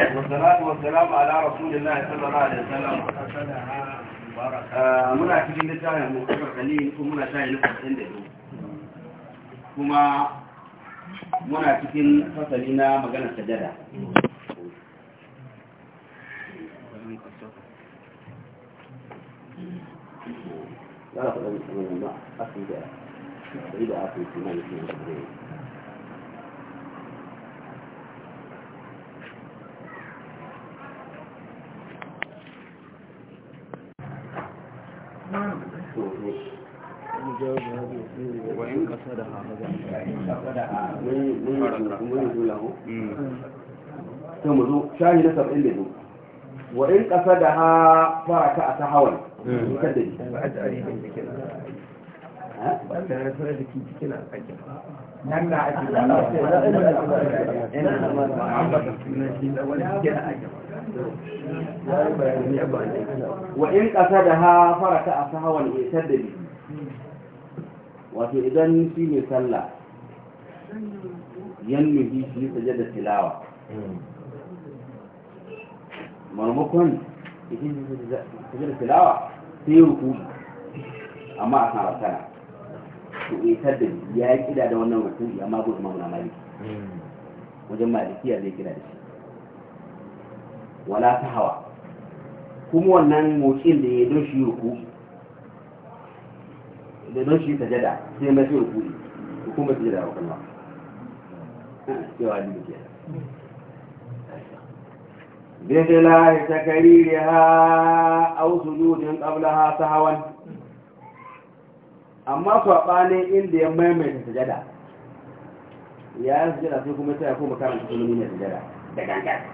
والصلاة والسلام على muna cikin littafin mukabar kalil ko muna shayi na fasin da kuma muna cikin fasali na magana sajada وإن قصدها وإن قصدها فاك أتحول nan da ake da a da ake da da a da Wa'in ƙasa da ha faraka a sahawan isar da biyu wato idan shi ne sallah yan nuhi shi saje da tilawa marmakon shi saje da tilawa sai yi ruku amma a kan sana, to isar da ya yi kida da wannan ruku amma gudu mamuna maliki hmm. wajen malikiya zai kida da shi wala ta hawa kuma wannan motsin da ya don shi ruku da don shi sajada sai mai shi ruku ne hukumar wakilwa bisila ya takari da ke Ausu تكريرها ƙabla ha ta hawan amma ne inda ya maimaita sajada ya yi sajada sai kuma ta ya kuma karanta sunan ne sajada da gangar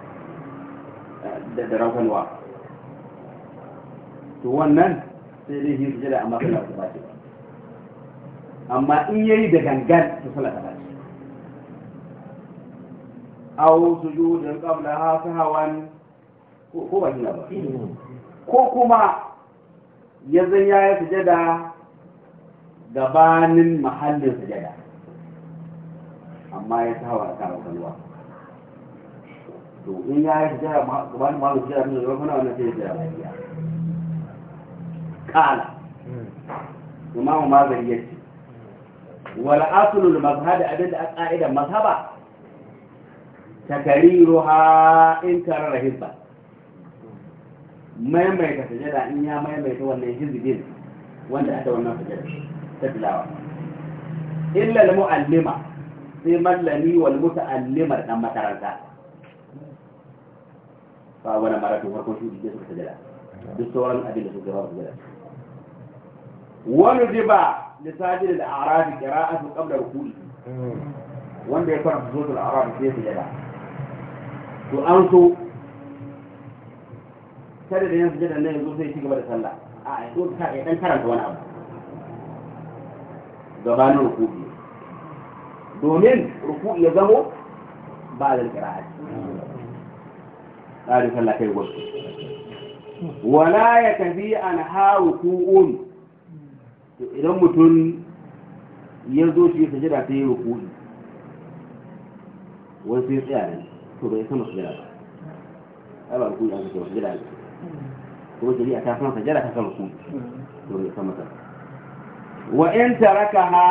da ragwalwa to wannan sai dai yin sujada amma ba ta bace amma in yayi da gangan to sallah ta bace aw sujudin qabla ha sahawan ko ba kina ba ko kuma ya zan yayi sujada gabanin mahallin sujada amma ya sahawa ta kalwa to in ya yi hijira gabanin malu hijira ne zama na wannan sai hijira kala imamu mazari ya ce wal asulul mazhab abin da aqaida mazhaba takariruha in karara hizba maimaita sujada in ya maimaita wannan hizbin wanda aka wannan sujada ta tilawa illa al muallima sai mallami wal muta'allimar dan makaranta fa wannan mara to farko shi da suka jira duk sauran abin da suka ba su jira wani riba da sajid da arabi qira'atu qabla ruku'i wanda ya fara zuwa arabi sai su jira to an so kada da yin sujada nan yanzu sai ci gaba da sallah a yanzu ka ya dan karanta wani abu gabanin ruku'i domin ruku'i ya zamo ba da qira'ati tsarin sallah kai wasu wala ya tafi an haru ku'un idan mutum ya zo shi sajada ta yi rukuni wasu ya tsaya ne to bai sama sajada ba ai ba rukuni an kake ba sajada ne kuma shari'a a san sajada ta san rukuni to bai sama ta wa in taraka ha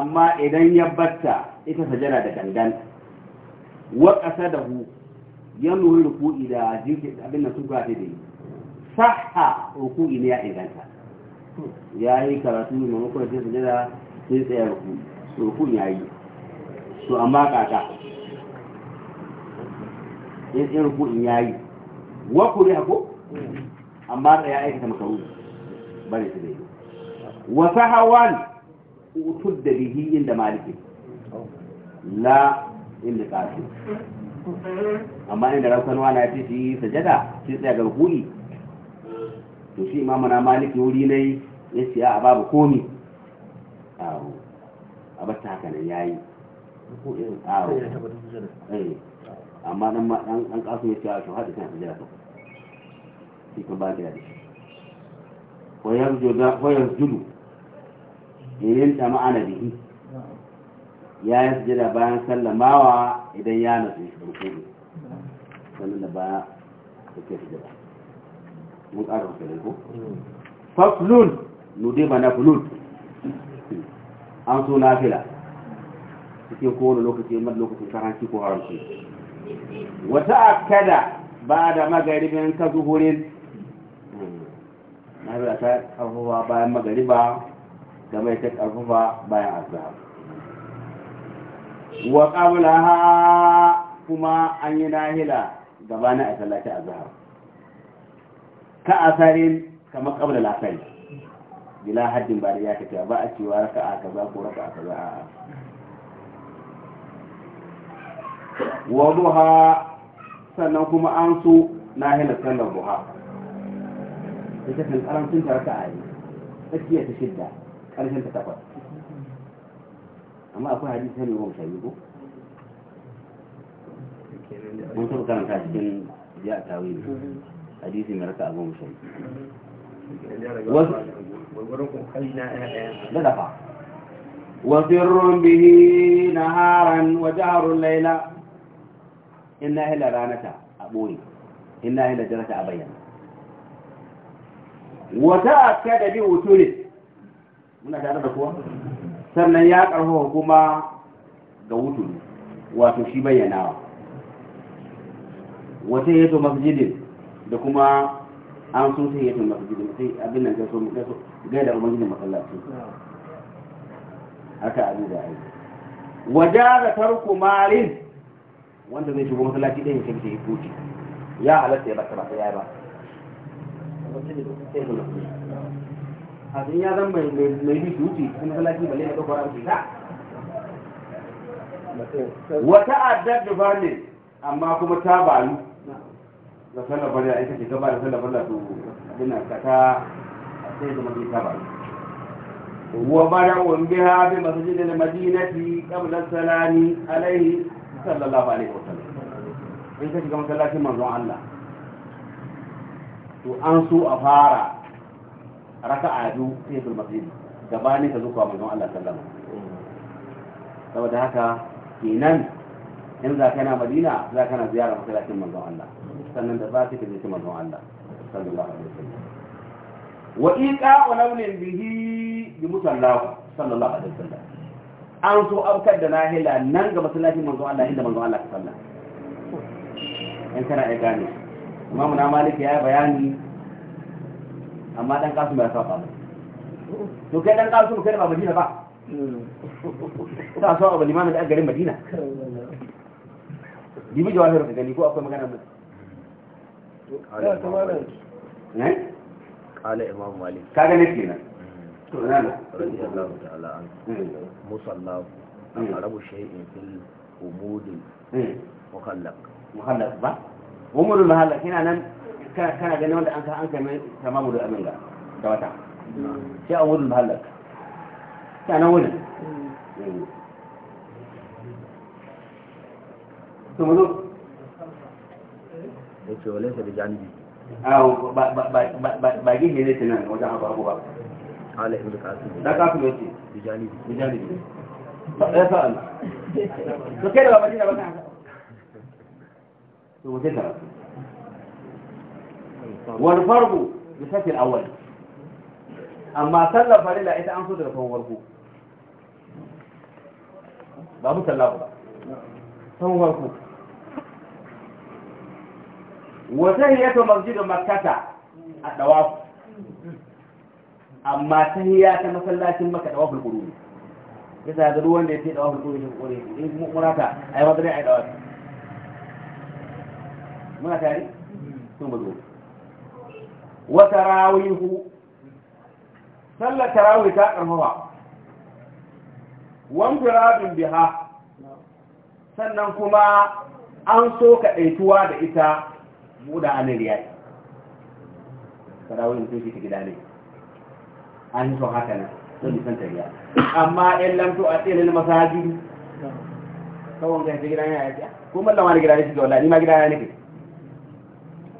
amma idan ya batta ita sajada da gangan wa qasadahu yannuhin ruku'i da jirgin abin da sun kwa da yi saha ruku'i ne ya inganta ya yi karatu ne maimakon sai su jira sai tsaye ruku'i ruku'i yayi yi to amma kaka in tsaye ruku'i ya yi wa kuri hako amma ya aikata makaru bane su zai wa sahawan utud da bihi inda maliki la inda kafin amma inda rafkanuwa na ce shi sajada shi tsaye ga rukuni to shi imamu na maliki wuri ne ya siya a babu komi awo a bata haka nan eh. amma dan kasu ya a shi kan sajada to shi kan ba da irin ta ma'ana bihi ya yi sujada bayan sallamawa idan ya nasu shi rukudu sannan da baya suke sujada mun ƙara hukunin ko faslun nude ba na fulun an so na fila cikin kowane lokaci mai lokacin karanci ko haramci wata akada ba da magaribin ka zuhurin na fila ta ƙarfafa bayan magariba da mai ta ƙarfafa bayan azhar wa qablaha kuma an yi nahila gabanin a sallaci azhar ka asarin kamar qabla al-asr bila haddin ba da ya kace ba a cewa a kaza ko a kaza a wa duha sannan kuma an so nahila sallar duha ta kan karancin ta raka'a ne tsakiyar ta shidda karshen ta takwas amma akwai hadisi sai mai goma sha biyu ko mun taɓa karanta cikin ya a tawili hadisi mai raka a goma sha biyu wasu da dafa wasirrun bihi naharan wa jaharun laila inna hila ranata a ɓoye inna hila jirata a bayyana wata akka da bi wutulin muna tare da kuwa sannan ya karfafa kuma ga wutu wato shi bayyanawa wata yato masjidin da kuma an sun sai yato masjidin sai abin nan gaso gai da ubangijin masallaci haka abin da waje da tarku malin wanda zai shigo masallaci ɗaya shi ke kuce ya halatta ya baka ba ta yaya ba abin ya zama mai bi suci su masalaci balle na kafa rauki ta wata adad da bane amma kuma ta bani da sallafa da aika ce gaba da sallafa da su gina ka ta sai zama ta ba wa bada wani biha bi masu jini na madinati kamar salani alaihi sallallahu alaihi wasallam in ka shiga masallacin manzon Allah to an su a fara raka'a biyu sai sul masjid gabanin ka zuwa manzon Allah sallama saboda haka kenan in za kana madina za ka kana ziyara masallacin manzon Allah sannan da za ka je manzon Allah sallallahu alaihi wasallam wa iqa'u lawlin bihi bi musallahu sallallahu alaihi wasallam an so abkar da nahila nan ga masallacin manzon Allah inda manzon Allah ka sallah in kana ya gane imamu na maliki ya bayani amma dan kasu mai saba ba to kai dan kasu kai ba madina ba ta so abu limamin da garin madina dibi jawahir ka gani ko akwai magana mu ne kala imam malik ka gane kenan to nan radiyallahu ta'ala an musallahu arabu shay'in fil umudi muhallaq muhallaq ba umurul muhallaq hina nan kana kana ganin wanda an ka an kai mai tamamu da abin ga da wata sai a wurin muhallaka sai nan wurin to mu zo da ce wale da janibi awo ba ba ba ba gihe ne tunan wajen haka haka ba ala ibnu kasim da kasim yace da janibi ba sai sa'an to kai da ba ba ta to wajen karatu wal fardu bi safil awwal amma sallar farilla ita an so da rafan warko ba mu sallahu ba san warko wata hiyata masjidin makkata a dawafu amma ta masallacin maka dawafu al-quruni yasa ga ruwan da ya ce dawafu al-quruni kore in murata ai madare ai dawafu muna tare sun bazo wa tarawihu sallar tarawih ta karfafa wan firabin biha sannan kuma an so ka ɗaituwa da ita buɗa a niriyai tarawih mutum shi ta gida ne an yi son haka nan don nisan tariya amma in lamto a tsirin masajin kawon ga ta gida ne a yakiya ko mallama da gida ne shi ga wala ni ma gida ne nake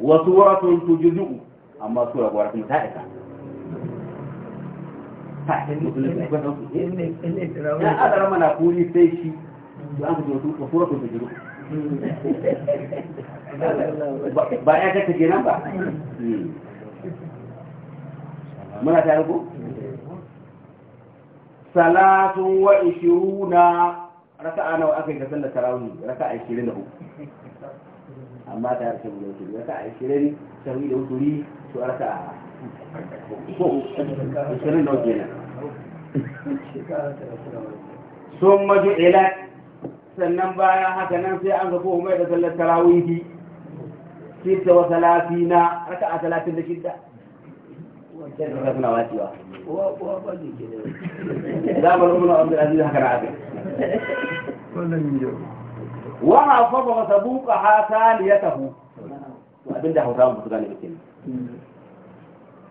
Wasu suratun tujzu amma sura gwara ta isa ta su adara mana kuri sai shi wa suratun tujzu ba ya kake kenan ba hmm. muna salatun raka'a nawa aka yi raka'a amma ta harkar da wuturi raka a shirari sauri da wuturi su arka. a shirin da wuce na sun maju ila sannan bayan haka nan sai an gafo mai da sallar tarawihi a wa hafaza wa sabuqa hatan ya to abinda hausawa ba su gane ba kenan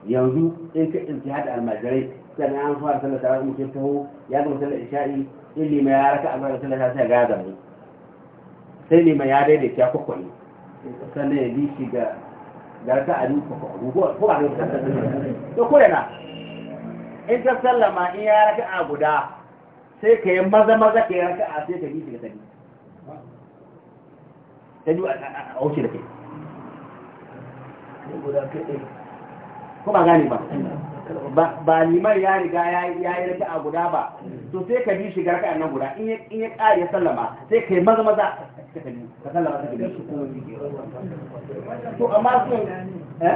yanzu in ka intihad almajirai sannan an fara sallar tare da mutum ya gama sallar isha'i in lima ya raka a bayan sallar sai ga ya zamani sai lima ya daidaita ya kwakwani sannan ya bi shi ga garka a duka ko ba da sallar to ko yana in ka sallama in ya raka a guda sai ka yi maza maza ka yi raka a sai ka bi shi ga sani ta biyu a wuce da kai ko ba gane ba ba liman ya riga ya yi raka a guda ba to sai ka bi shigar ka nan guda in ya ƙari ya sallama sai ka yi maza maza ka sallama ka gida to amma sun eh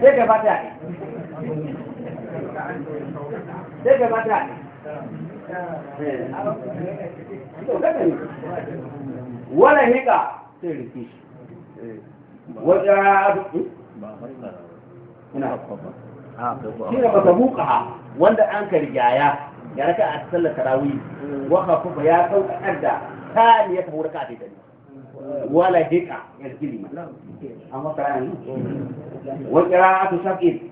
sai ka fata sai ka fata wala hika sai rike shi wata ina shi ne ba buka wanda an karjaya ya raka a sallar tarawih waka kuma ya sauƙaƙar da ta ne ya tafi raka a daidai wala hika ya rike lima amma yi. wata shaƙi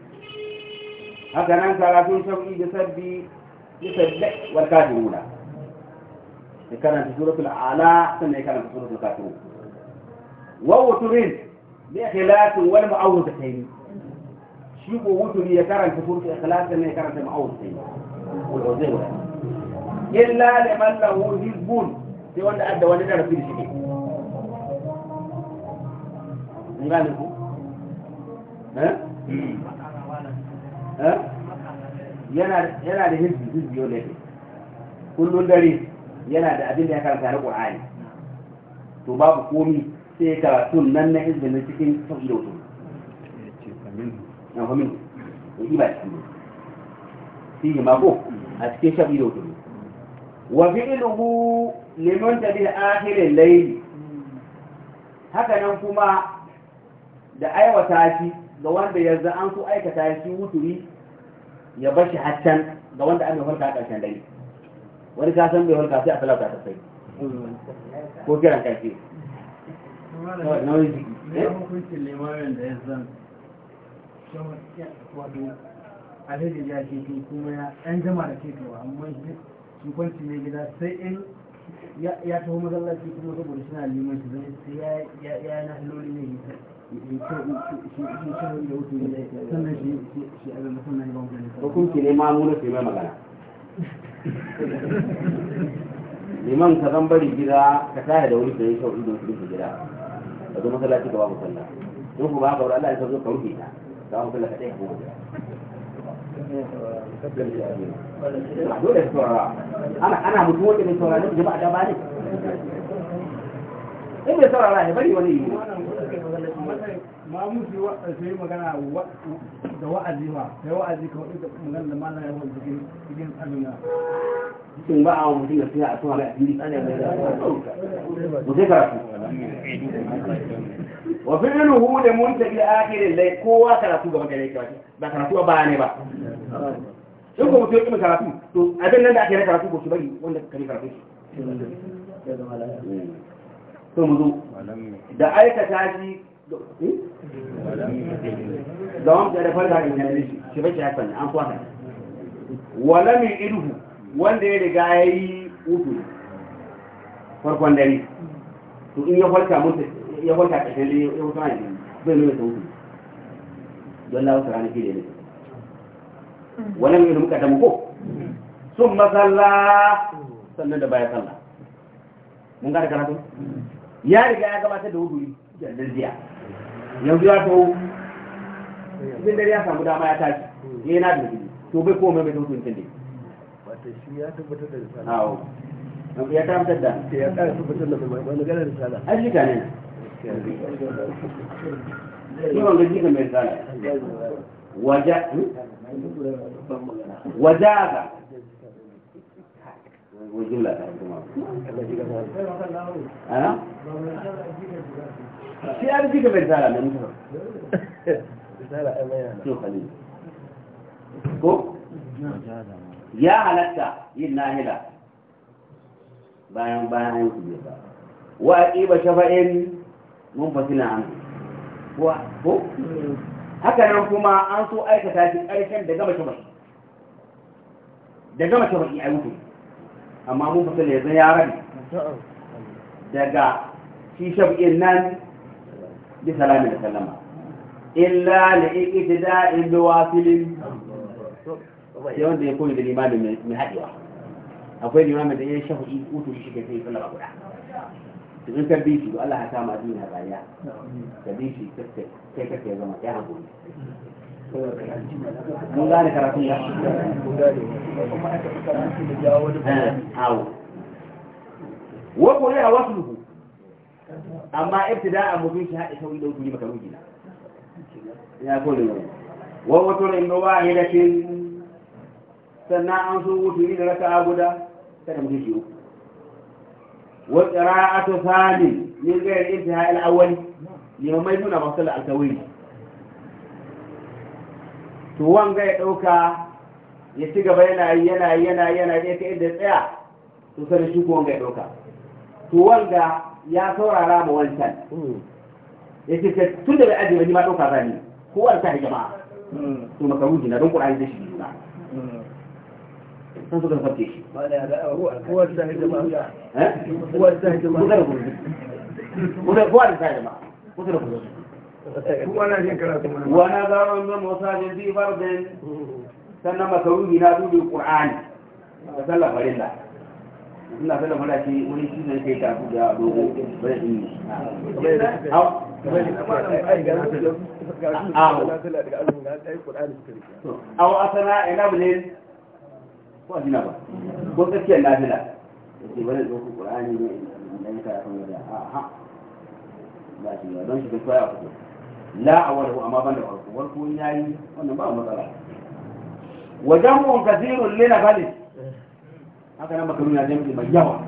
haka nan karatun shaƙi da sabbi والكافرون كان في سورة الأعلى ثم كان في سورة الكافرون ووترين بإخلاص والمعوذتين شيكو وتري يكرن في سورة الإخلاص ثم يكرن في المعوذتين والعوذين إلا لمن له حزب sai wanda adda wani darasi da shi ne yana da hizbi hizbi yau da kullun dare yana da abin da ya karanta na ƙur'ani. to babu komi sai karatun nan na hizbin na cikin sauki da wato na famin ya ɗiba cikin ne fiye mako a cikin shafi da wato wa fi'iluhu liman tabi akhirin layli haka nan kuma da aiwata shi ga wanda yanzu an so aikata shi wuturi ya bar shi haccan ga wanda an mafarka a ƙarshen dare wani ka san bai farka sai a talauta ta sai ko kiran karfe nauyin jiki ne eh? hukuncin limamin da ya zan wato alhaji ya ke kuma ya ɗan jama da ke kawa amma shi kwanci ne gida sai in ya taho masallaci kuma saboda suna liman shi zai sai ya na haloli ne hukunci ne ma muna su mai magana liman ka zan bari gida ka tashi da wuri da ya shauɗi don su rufe gida ka zo masallaci ka ba mu sallah in ku ba ka wuri Allah ya zo ka rufe ta ka ba mu sallah ka ɗaya ka koma gida dole ka saurara ana mutum wanda bai saurari jama'a da ba ne in saurara ya bari wani yi mamu su yi magana da wa'azi ba sai wa'azi ka wadda magana da mana cikin cikin cikin ba a mutum da a tsanin da ya karatu wa fi ilu da mun tafi lai kowa karatu ba karatu baya ne ba in ko mutum ya kuma karatu to abin nan da ake na karatu ko su bari wanda ka karatu shi to mu zo da aikata shi eh? da wanda da farka in yanzu shi shi bace hasan an kwata wala min ilhu wanda ya riga yayi uku farkon dare to in ya farka mutu ya farka kashin dare ya wuta ne bai nuna sauki don lawo ta ranar gida ne wala min ilhu muka damu ko sun masalla sannan da baya sallah mun gane karatu ya riga ya gabatar da wuduri da yanzu ya taho cikin dare ya samu dama ya tashi ya yi wuduri to bai kowa mai wuduri dai shi ya tabbatar da ya tabbatar da ya tabbatar da wani gana risala ko ya halatta yin nahila bayan bayan an yi ba wa aqiba shafa'in mun fasila an wa ko haka nan kuma an so aikata shi karshen da gama shafa'i da gama shafa'i ai mutum amma mun fita ne zai yaran daga shi shafi'in nan bi salami da sallama illa li iqtida'in bi wasilin sai wanda ya koyi da limamin mai haɗewa akwai limamin da ya shafi'i utu shi ke sai sallama guda to in ka bi shi to Allah ya sa ma addini na rayuwa ka bi shi kai kake zama ya haƙuri mun gane karatun ya wa a wasu amma ibtida a mubin shi haɗe da maka ya kone ne wa wato ba wa ya dace sannan an so wuce ni da raka a kada wa qira'atu min al-awwal masal al to wanga ya ɗauka ya ci gaba yana yi yana yi yana yi yana yi ta inda tsaya to sai shi ko wanga ya ɗauka to wanga ya saurara ma wancan hmm. ya ce tun da bai ajiye ni ma ɗauka za ni ko wani ta jama'a hmm. to makaruji na don ƙur'ani da hmm. shi ba sun suka farke shi kowar ta jama'a kowar ta jama'a kowar ta jama'a wani zaron zan wasajin zai farzin sannan masaruhi na dubi ƙur'ani da sallar farilla ina sallar farilla ce wani shi ne kai tafi da dogo bai yi awo asana ko ba ko tsakiyar lafiya ke bane dogo ƙur'ani ne da ya kara wajen a ha ba shi ba don shi kwaya a la awwalahu amma ban da farko farko yi wannan ba matsala wajen wajamun kathirun lil ghalib haka nan makaru na jami'i mai yawa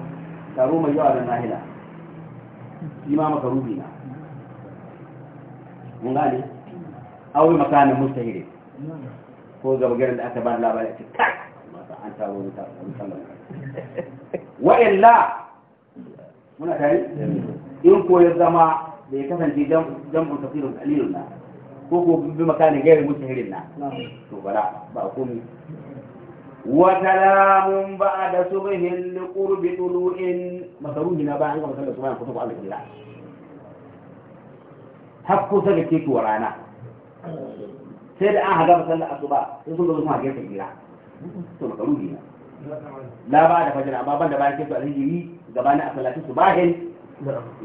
taro mai yawa da nahila shi ma makaru na mun gane aure makanin mustahire ko gabagarin da aka ba da labarai ce kai an taro wani taro musamman wa'illa muna tare in ko ya zama bai kasance jam'un tafsirun qalilun na ko ko bi makanin gairi mutahirin na to bala ba komi wa kalamun ba'da subhin li qurbi tulu'in masaruhi na bayan ga masallar subhan kusa ko Allah killa hakku ta ga kitu rana sai da an haga masallar asuba sai sun zo kuma ga killa to masaruhi na la ba da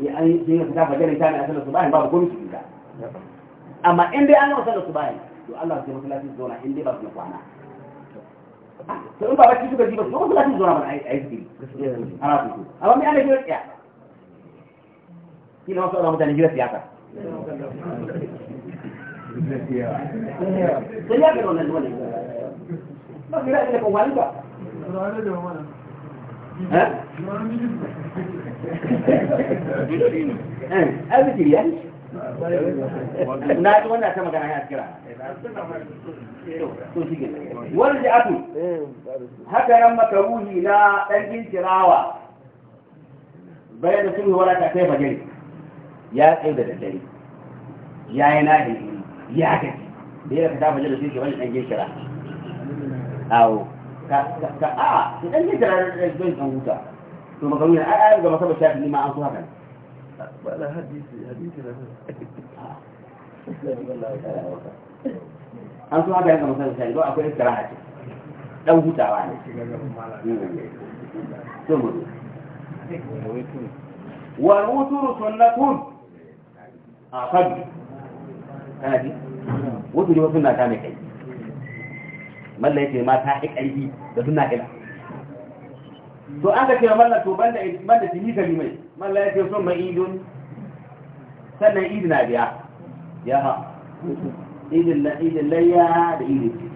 ya an yi fita fajar ta ne a sallar subahin babu komai su amma in dai an gama sallar subahin to Allah ya masallaci su zauna in dai ba su kwana to in ba bacci suka ji ba su masallaci su zauna ba a yi zikiri ana su amma me ana jira tsaya kila wasu ala mutane jira siyasa sai ya ga wannan wannan ba kira ina kan wani ba a zikiri ya na ji wannan ta magana ya kira to shi wani da atu haka nan makaruhi na ɗan gintirawa bayan da sulhu wala ta kai fajiri ya tsaye da daddare ya yi nahi ya gaji da ya ta fajiri sai ke wani ɗan gintira awo ka a idan ne tare da ɗan huta to makaruni a ayar gaba saboda shafi ne ma an so haka ba da hadisi hadisi na an so haka yanka masarar shafi ba akwai iskara a ce hutawa ne to mu wa wuturu sunnatun a fadi kana ji wuturu na ta ne kai malla yake ma ta yi ƙarfi da suna ila to an ka kira malla to banda banda tini kali mai malla yake so mai idun sannan idin na biya ya ha idin la idin layya da idin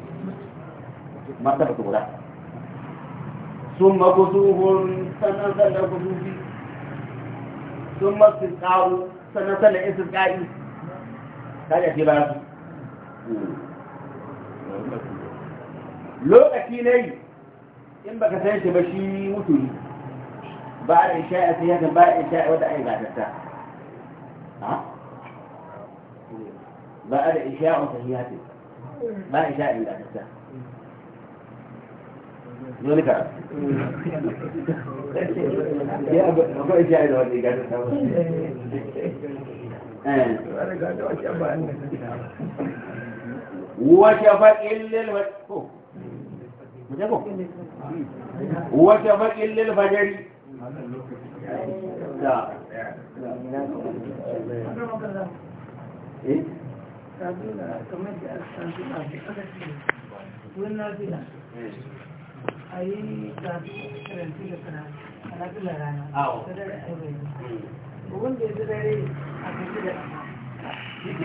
martaba sun guda ثم كسوهم sannan sannan kusufi sun masu ƙaru sannan sannan isin ƙa'i ta ce ba su hmm. لو أكيني إن بك سيش بشي متني بعد إنشاء سيادة بعد إنشاء ودع عبادة ها؟ بعد إنشاء سيادة ما إنشاء إلا بسا ذلك يا أبو إنشاء إيه آه. إلا بسا wata baƙin lilfajari da eh? a yi